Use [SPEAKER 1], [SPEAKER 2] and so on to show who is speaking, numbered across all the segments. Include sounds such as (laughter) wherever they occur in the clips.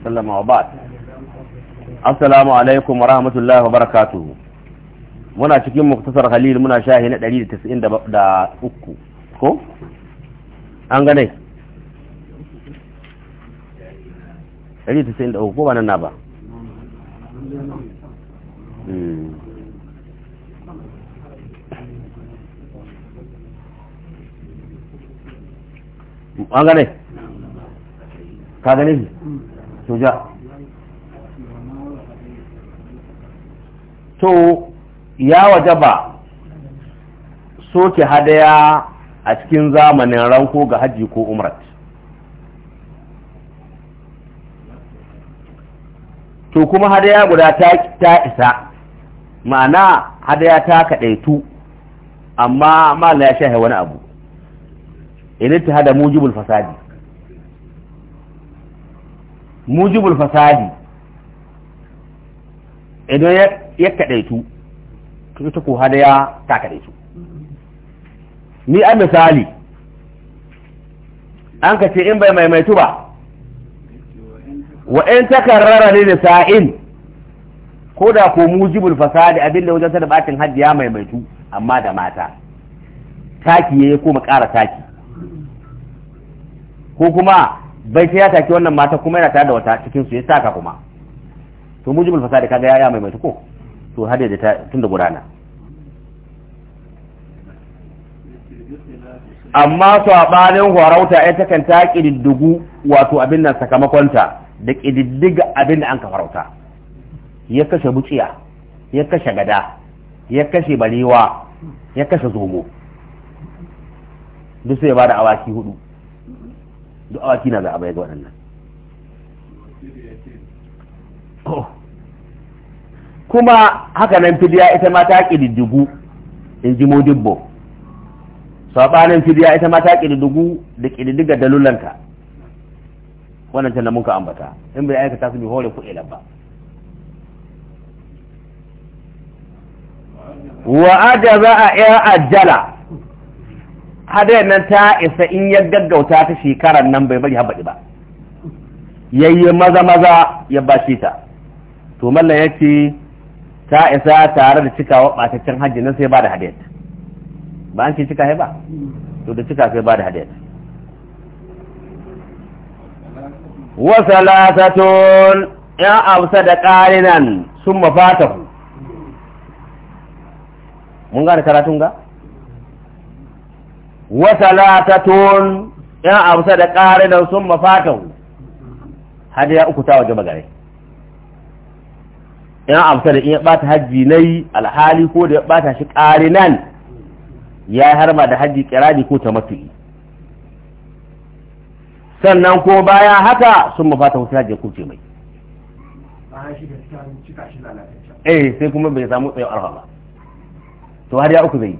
[SPEAKER 1] وسلم وبعد السلام عليكم ورحمة الله muna cikin muktasar halil muna shahi na 193 ko an gane 193 ko ba nan na ba hmm. an gane ka gane shi to ja to ya wajaba soke hadaya a cikin zamanin ranko ga hajji ko umrat to kuma hadaya guda ta isa ma'ana hadaya ta kaɗaitu amma mala ya shahe wani abu idan ta hada mujibul fasadi mujibul fasadi idan ya kaɗaitu ta ko ya ta kaɗaitu ni a misali an ka ce in bai maimaitu ba wa in takarrara ne da sa'in ko da ko mujibul fasadi abinda wajen da batin hajji ya maimaitu amma da mata taki ya koma ƙara taki ko kuma bai sai ya taki wannan mata kuma yana tare da wata cikin su ya saka kuma to mujibul fasadi kaga ya mai mai ko to hade da ta tunda gudana amma a sabanin horauta ya takan ta kididdigu wato abin nan sakamakonta da kididdiga abin da an ka farauta ya kashe buciya ya kashe gada ya kashe barewa ya kashe zomo duk sai ba da awaki hudu duk awaki na za a bayar ga waɗannan oh. kuma haka nan fidiya ita ma ta ƙididdigu in ji modibbo saɓanin fidiya ita ma ta ƙididdigu da ƙididdiga dalulanta wannan can da ka ambata in bai aikata su bi hore ku ilan ba wa za a ya ajala hadayar nan ta isa in ya gaggauta ta shekarar nan bai bari haɓaɗi ba yayye maza maza ya bashi ta to mallan ya ce ta isa tare da cikawa ɓataccen hajji nan sai ba da hadayar ba an ce cika ba to da cika sai ba da hadayar wasalatatun ya amsa da ƙarinan sun mafatahu mun gane karatun ga? watalatatun in amsa da ƙarinan sun mafatan hajji ya uku ta waje magare in amsa da in ya ɓata hajji na yi alhali ko da ya ɓata shi ƙarinan ya harma da hajji kirani ko ta matu'i sannan ko bayan haka sun mafatan wasu hajji ya kuce mai eh sai kuma bai samu tsayin arha ba to har ya uku zai yi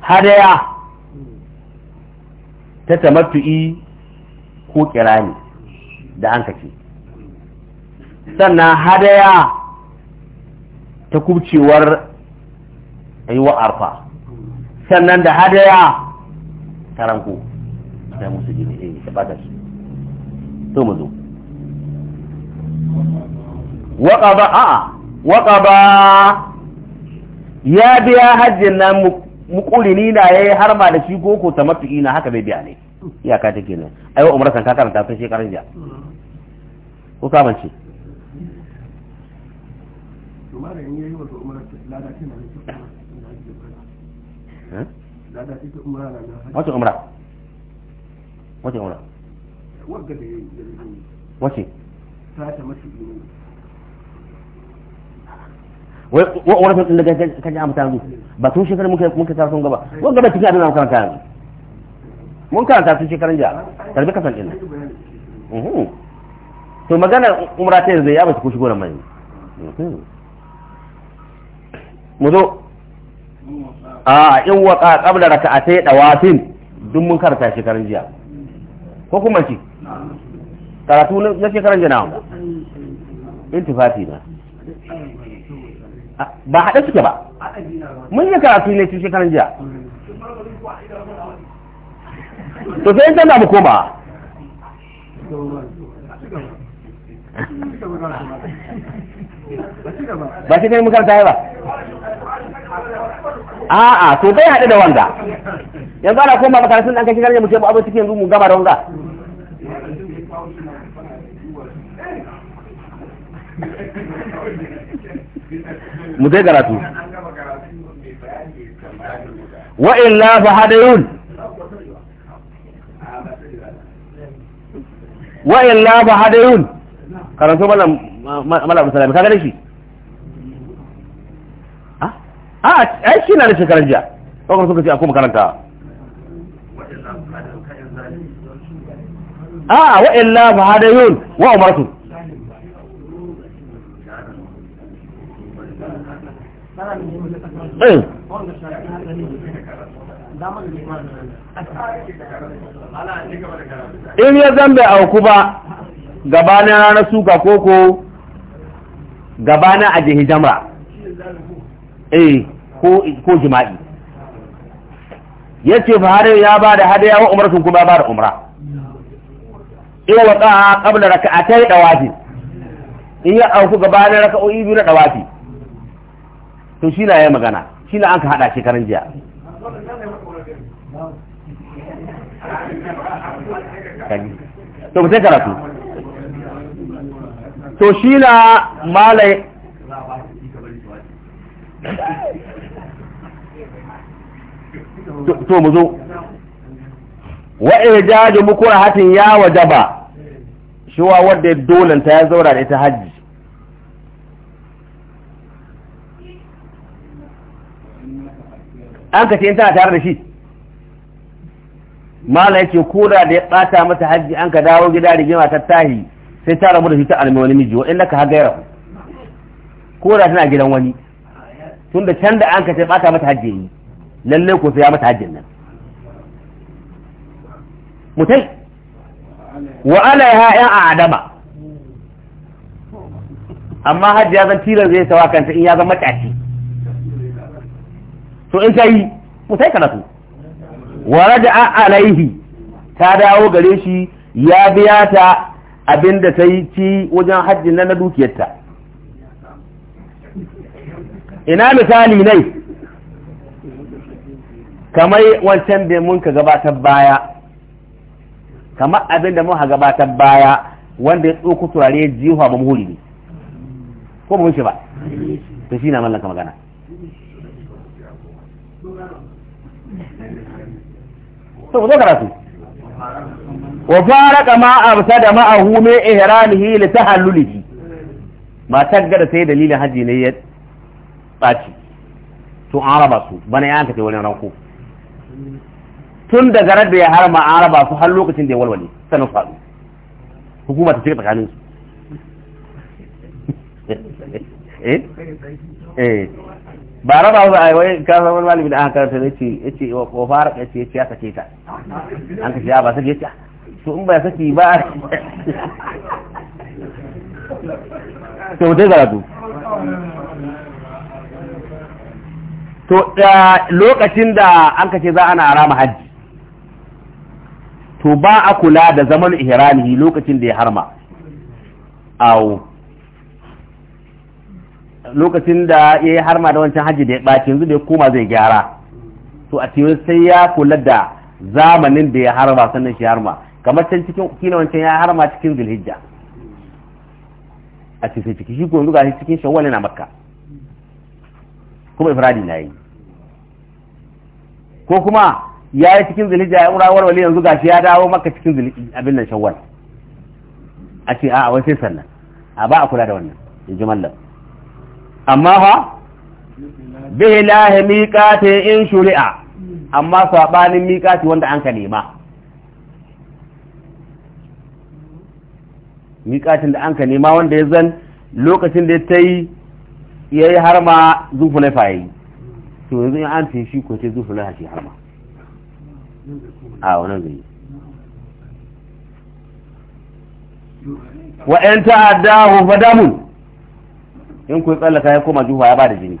[SPEAKER 1] hadaya ta tamattu'i ko kirani da an kake sannan hadaya ta kubcewar aiwa arfa sannan da hadaya ta ranko da musu jini ne eh, ta bata su to mu zo waƙaba a waƙaba ya biya hajjin nan mukulini na ya yi harma da shi ko ta mafi na haka bai biya ne iyaka take nan ai wa umarsan ka karanta sun shekarun jiya ko ka mance wace umra wace umra wace ta mafi wai wani din da kaje an mutane ba tun shekarar muka muka tsara sun gaba mun gaba cikin abin da muka karanta mun karanta tun shekaran jiya karbi kasan din mhm. to magana umra ta yanzu ya ba ku shigo da mai mhm. mu zo a in waka qabla raka'atay dawafin duk mun karanta shekaran jiya ko kuma ci karatu na shekaran jiya na intifati na ba haɗe suke ba mun yi karatu ne cikin shekaran jiya
[SPEAKER 2] to sai tana mu
[SPEAKER 1] koma ba shi kai makaranta ba
[SPEAKER 2] a'a to bai haɗe da wanda
[SPEAKER 1] yanzu ana koma makarantun ɗan kashi garin mu ce abin cikin mu gaba da wanga mu dai karatu wa illa fa hadayun wa illa fa hadayun karanto mana mala musalami kaga dashi a a shi na da shekaran jiya kawai suka ce a kuma karanta a wa illa fa hadayun wa umartu in ya zambe auku ba gabanin ranar suka koko gabanin a jihi jama'a eh ko jima'i ya ce fahari ya ba da hadaya yawon umar sun kuma ba da umra in wata ƙabla raka a ta yi ɗawafi in ya auku gabanin raka'o'i biyu na ɗawafi to shi na ya magana shi na an ka haɗa shekaran jiya
[SPEAKER 2] to mutai karatu to shi
[SPEAKER 1] na malai to mu zo wa irjaju mukurahatin ya wajaba shi wa wadda dolanta ya zaura da ita hajji an ka ce in tana tare da shi mala yake koda da ya bata mata hajji an ka dawo gida da ta tahi sai ta rabu da shi ta almoni wani miji wa illa ka hagaira koda tana gidan wani tun da can da an ka ce bata mata hajji yi lalle ko sai ya mata hajjin nan mutai wa alaiha ya adama amma hajji ya zan tilar zai sawa kanta in ya zama matashi so in kai mu sai karatu wa raja'a alaihi ta dawo gare shi ya biya ta abin da ta yi ci wajen hajji na na dukiyarta ina misali nai kamar wancan da mun ka gabatar baya kamar abin da mun ka gabatar baya wanda ya tsoko turare jiwa ba muhuri ne ko ba mun shi ba ta shi na mallaka magana to karatu wa ma'ahu an raba su bana ya ta wani ranko tun daga da ya harma an raba su har lokacin da ya walwale sanin faɗu hukuma ta cika tsakanin su (laughs) eh? eh. ba raba su a wai ka san wani malami da aka karanta ne ce yace wa fara yace yace ya sake ta an ka ya ba sake ta to in ba saki ba
[SPEAKER 2] to dai garatu
[SPEAKER 1] to lokacin da an ka ce za ana rama hajji to ba a kula da zaman ihramihi lokacin da ya harma awo lokacin da ya yi harma da wancan hajji da ya ɓaci yanzu da ya koma zai gyara to a tiyo sai ya kula da zamanin da ya harma sannan shi harma kamar can cikin kila wancan ya harma cikin zulhijja a cikin ciki shi ko yanzu ga cikin shawwal yana makka kuma ifradi na yi ko kuma ya yi cikin zulhijja ya umra warwale yanzu gashi ya dawo maka cikin abin nan shawwal a ce a'a wai sai sannan a ba a kula da wannan in ji mallam amma ha bihi lahi miqati in shuri'a amma saɓanin miqati wanda an ka nema miqatin da an ka nema wanda ya zan lokacin da ta yi ya yi harma zufu na fayi to yanzu in an ce shi ko ce zufu na shi harma a wannan zai wa 'yan ta'adda hu fadamun in ku tsallaka ya koma juha ya bada jini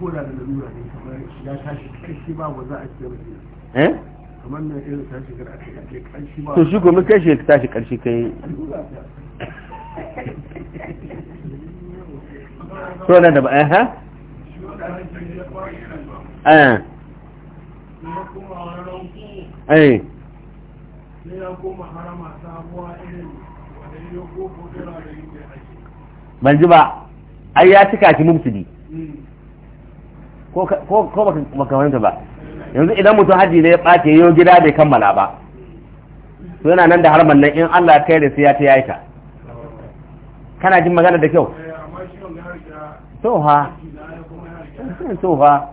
[SPEAKER 2] ko da lalura ne kamar ya tashi kai ba wa za a ce eh kamar shi ko
[SPEAKER 1] shi tashi kai to nan da ba eh ha
[SPEAKER 2] ya koma harama sabuwa irin wanda ya koko kira da yake
[SPEAKER 1] ban ji ba ai ya cika shi mubsidi ko baka fahimta ba yanzu idan mutum haji ne ya ɓace yau gida bai kammala ba to yana nan da harman nan in Allah kai da siya ta yayi kana jin magana da kyau to ha to ha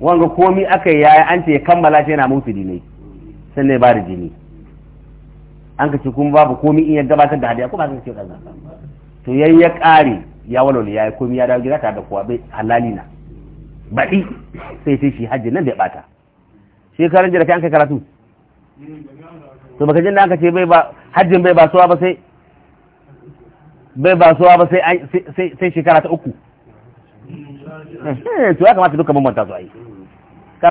[SPEAKER 1] wanga komi aka yayi an ce kammala shi yana mubsidi ne sannan ne ba da jini an ka ce kuma babu komi in ya gabatar da hadiya kuma ba ka ce kaza to yayi ya kare ya walwala yayi komi ya dawo gida ta da kowa bai halali na baɗi sai sai shi hajji nan bai bata shekaran jira kai an kai karatu to baka jin da aka ce bai ba hajjin bai ba suwa ba sai bai ba suwa ba sai sai shekara ta uku eh, to ya kamata duka mun manta su ai